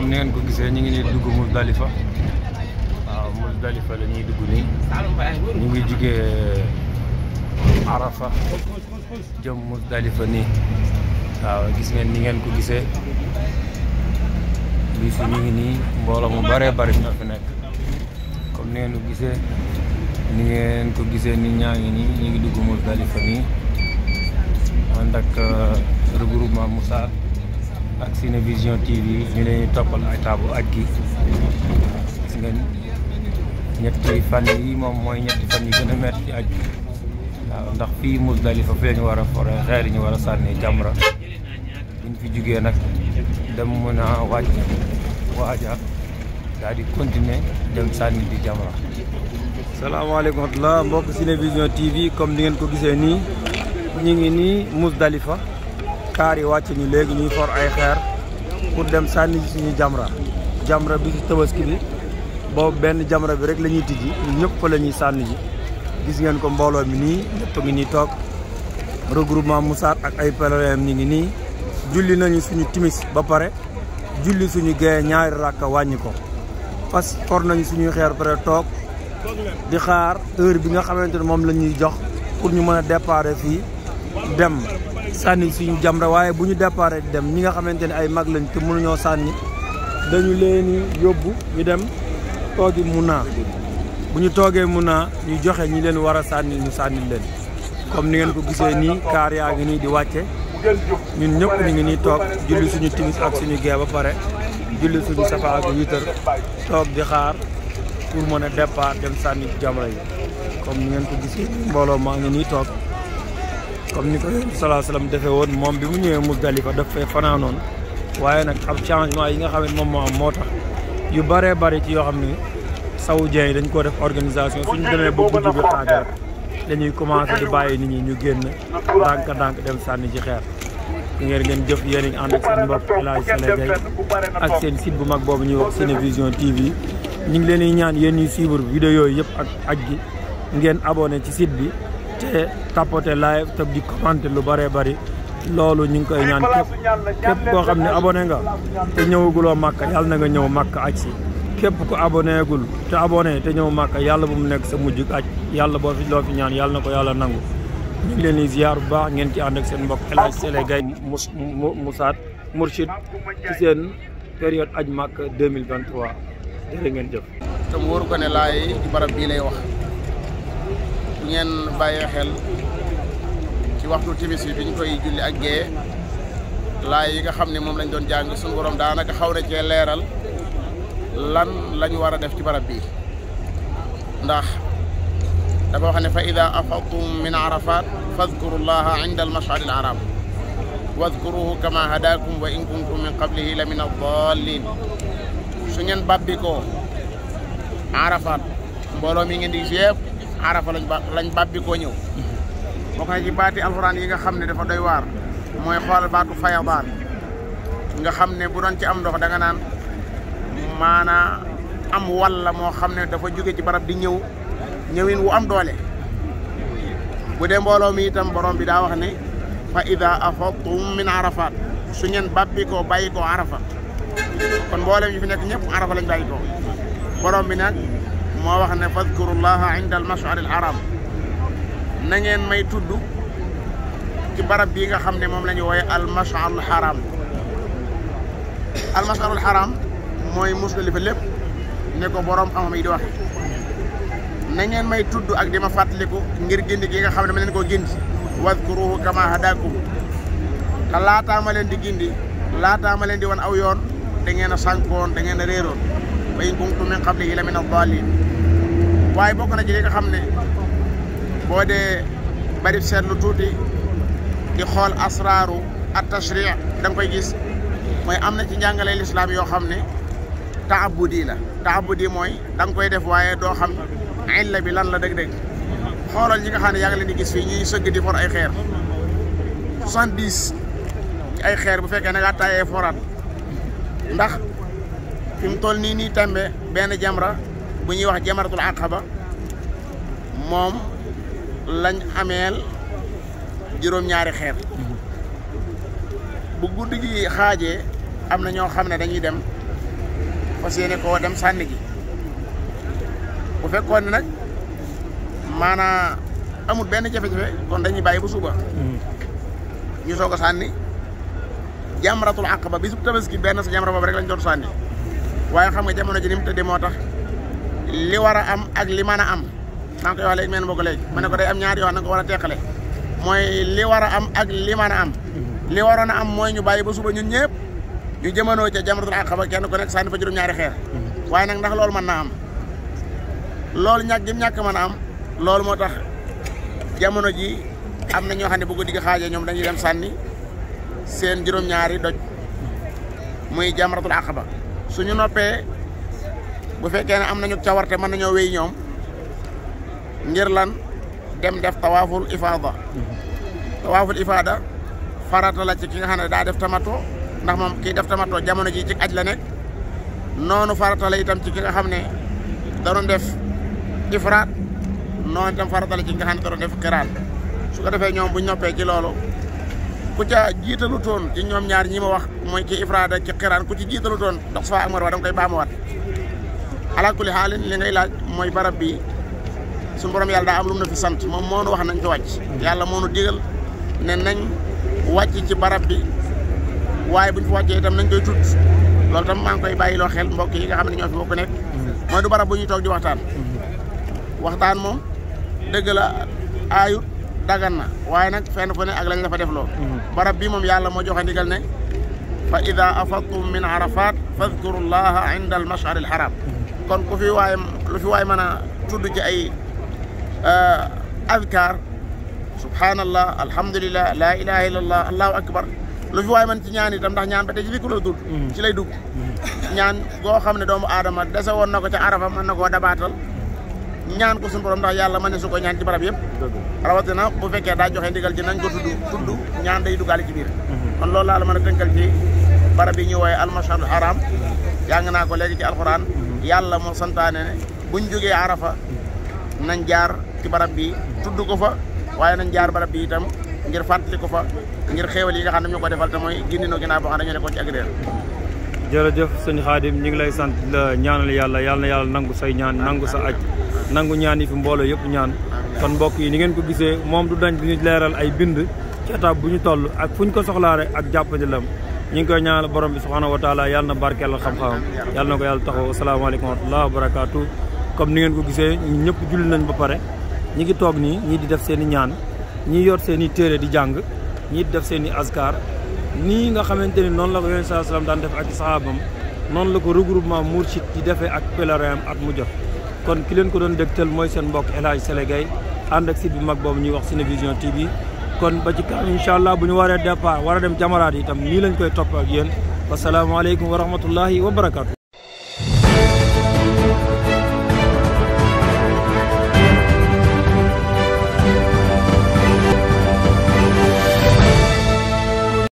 comme ni ngeen ko gisee ñu ngi nii dugg Muzdalifa waaw Muzdalifa la ñuy dugg nii ñu ngi jugee euh, Arafa jëm Muzdalifa nii waaw gis ngeen ni ngeen ko gisee bii fi ñu ngi nii mbooloo mu bare bari ñoo fi nekk comme ni ngeen ko gisee ni ak Cinevision TV ñu leen toppal ay taabu aj gi gis ngeen ñetti fan yi moom mooy ñetti fan yi gën a ci aj waaw ndax fii Musdalifa fee ñu war a fore xeer ñu war a sànni jamra buñ fi jugee nag dem mën a waaj waaja daal di continuer dem sànni di jamra salaamaaleykum wa rahmatulah mbokk Cinevision TV comme li ngeen ko gisee nii ñu ngi nii Musdalifa Kari yi ni legui ñuy for ay xeer pour dem sanni ci ñu jamra jamra bi ci kini bi bo ben jamra bi rek lañuy ñuy ñepp sani fa lañuy sanni ji gis ngeen ko mbolo mi ni ñepp mi ni tok regroupement Moussa ak ay pèlerin ñi ngi ni julli nañu suñu timis ba paré julli suñu gee ñaari rakka wañi ko pas for nañu suñu xeer paré tok di xaar heure bi nga xamanteni mom lañuy jox pour ñu mëna départé fi dem Sani suñu jamra waye buñu ñu dem ñi nga xamante ay mag lañ te ñoo dañu yobbu ñu dem togi muna buñu ñu muna ñu joxé ñi leen wara a ñu sànni leen comme ni ngeen ko gisee ni car yaa ngi di waccé ñun ñëpp ñi ngi ni tok julli suñu timis ak suñu gee ba pare julli suñu safa ak tok di xaar pour mëna départ dem sànni jamra yi comme ni ngeen ko gisee mbolo ma ngi ni tok comme ni ko salaa salaam defee woon moom bi mu ñëwee Musdalifa def fee fanaanoon waaye nag ab changement yi nga xam moom moo am moo tax yu bëree bëri ci yoo xam ne saoudiens yi dañ koo def organisation suñu demee ba guddi bi xaajaar dañuy commencé di bàyyi nit ñi ñu génn ndànk ndànk dem sànni ci xeer ngeen ngeen jëf yéen a ngi ànd ak seen mbokk El Hadj Sele ak seen site bu mag boobu ñuy wax Cinevision TV ñu ngi leen di ñaan yéen ñuy suivre vidéo yooyu yëpp ak aj gi ngeen abonné ci site bi te tapoter live te di commenter lu bëree bari loolu ñu ngi koy ñaan képp képp koo xam ne abonné nga te ñëwaguloo màkka yàlla na nga ñëw màkka aj si képp ku abonné gul te abonné te ñëw màkka yàlla bu mu nekk sa mujj aj yàlla boo fi loo fi ñaan yàlla na ko yàlla nangu ñu ngi leen di ziar bu baax ngeen ci ànd ak seen mbokk El Hadj Sele Gaye Moussaat Mourchid ci seen période aj màkk 2023 jërë ngeen jëf te mu wóor ko ne laay ci lay wax ngeen bàyyi xel ci waxtu timis bi ñu koy julli ak gee laay yi nga xam ne moom lañ doon jàng suñu borom daanaka xaw na cee leeral lan lañ war a def ci barab bi ndax dafa wax ne fa ida afadtum min arafat fadkuru llaha inda almashari al haram wadkuruhu kama hadakum wa in kuntum min qablihi la min addallin su ngeen bàbbikoo arafat mbooloo mi ngeen di yëpp arafa lañ lañ babbi ko ñew bokk na ci baati alquran yi nga xamne dafa doy war moy xol baatu fayadaan nga xamne bu don ci am ndox da nga nan mana am walla mo xamne dafa joge ci barab di ñew ñewin wu am doole bu de mbolo mi itam borom bi da wax ne fa ida afadtum min arafat su ñen babbi ko bayiko arafa kon mboolem yi fi nek ñëpp arafa lañ bayiko borom bi nak mo wax ne fadkurullaha inda al mashar al haram na ngeen may tuddu ci barab bi nga xamne mom lañu woy al mashar al haram al mashar al haram moy musdalifa lepp ne ko borom xam-xam yi di wax na ngeen may tuddu ak dima ma ngir gindi gi nga xamne ma leen gindi wadhkuruhu kama hadakum te laataa ma leen di gindi laataa ma leen di wan aw yoon da ngeen a da ngeen wa in kuntum min qablihi la min ad waaye boo na ci li nga xam ne boo dee bari seetlu tuuti di xool asraaru at tashri da koy gis mooy am na ci njàngale lislaam yoo xam ne taabudi la taabudi mooy da koy def waaye doo xam illa bi lan la dëgg-dëgg xoolal ñi nga xam ne yaa ngi gis fii ñuy sëgg di for ay xeer soixante-dix ay xeer bu fekkee na ngaa taayee foraat ndax fim tol ni ni tambe ben jamra bu ñuy wax jamratul aqaba mom lañ amel juróom-ñaari xeer bu guddi gi xaajee am na dañuy dem fasiyene ko dem sanni gi bu fekkoon nak mana amul ben jafe jafé kon dañuy bàyyi bu suba hmm. ñu soga sanni jamratul aqaba bisub tabaski ben sa jamra bob rek lañ doon sanni waye xam nga jamono ji nim tedde motax li wara am ak li mana am namke ngi koy wax léegi meen bokk ko day am ñaar yoo na ko war a li wara am ak li mana am li warona am moy ñu bàyyi ba suba ñun ñepp ñu sani ci jamratul aqaba kenn ko nek sànni fa juroom ñaari xeer waye nak ndax lool man na am lool ñak gi ñak man am lool motax jamono ji am na ñoo xam ne bu ko digg xaajee nyari dañuy dem sanni seen juroom ñaari doj muy jamratul aqaba su ñu noppee bu fekkee ne am nañu cawarte mën nañoo wéy ñoom ngir lan dem def tawaaful ifaada tawaaful ifaada farata la ci nga xam ne daa def tamato ndax moom kii def tamato jamono ji ci aj la nekk noonu farata la itam ci ki nga xam ne da doon def ifraat noonu itam farata la ci nga xam ne da doon def xiraan su ko defee ñoom bu ñu noppee loolu ku ca jiitalu toon ci ñoom ñaar ñi ma wax mooy ci ifraada ci xiraan ku ci jiitalu toon dox safa ak marwa am nga koy baamuwaat ala kulli xaalin li ngay laaj mooy barab bi suñu borom yàlla daa am lum na fi sant moom moo nu wax nañ ci wàcc yàlla moo nu digal ne nañ wàcc ci barab bi waaye buñ fa wàccee tam nañ koy tudd loolu tam maa ngi koy bàyyiloo xel mbokk yi nga xam ne ñoo fi bokk nekk mooy du barab bu ñuy toog di waxtaan mm-hmm. waxtaan moom dëgg aayut dagan na waaye nag fenn fu ne ak lañ la fa def loo barab bi moom yàlla moo joxe ndigal ne fa ida afadtum min arafat fadkuru llaha inda al mashar al haram kon ku fi waay lu fi waay mën a tudd ci ay adkar subhanallah alhamdulillah la ilaha illallah allahu akbar lu fi waay mën ci ñaan itam ndax ñaan ba tey ci fikku la tudd ci lay dugg ñaan goo xam ne doomu aadama dese woon na ko ca arafa mën na koo dabaatal ñaan ko suñu borom ndax yàlla man ne su ko ñaan ci barab yëpp rawatina bu fekkee daa joxe ndigal ci nañ ko tudd tudd ñaan day duggaale ci biir mhm. kon loolu laa la mën a tënkal ci barab yi ñu wooye almasharul haram jàng naa ko léegi ci alxuraan mhm. yàlla moo santaane ne buñ jógee arafa nañ jaar ci barab bi tudd ko fa waaye nañ jaar barab bi itam ngir fàttali ko fa ngir xéewal yi nga xam ne ñu ko defal te mooy gindinoo ginnaaw boo xam ne dañoo nekkoon ci agréer jërëjëf sëñ Xaadim ñu ngi lay sant la yàlla yàlla yàlla nangu say ñaan nangu sa aj nangu ñaan yi fi mbolo yépp ñaan kon mbokk yi ni ngeen ko gisee moom du dañ duñu leeral ay bind ci étape bu ñu toll ak fuñ ko soxlaa rek ak jàppandi lam ñi ngi koy ñaanal borom bi subhanahu wa taala yàlla na barkeel xam-xamam yàlla na ko yàlla taxaw asalaamaaleykum wa rahmatulah wa barakaatu comme ni ngeen ko gisee ñëpp julli nañ ba pare ñi ngi toog nii ñii di def seen i ñaan ñii yor seen i di jàng ñii di def seen i askar nga xamante ni noonu la ko yonent saa salaam daan def ak sahabam noonu la ko regroupement mourchid di defee ak pèlerin at mu kon ki leen ko doon dégtal mooy seen mbokk El Hadj Sele Gueye ànd ak bu mag boobu ñuy wax Cinevision TV kon ba ci kanam allah bu ñu waree départ war a dem jamaraat itam nii lañ koy topp ak yéen wasalaamaaleykum wa rahmatullahi wa barakaatu.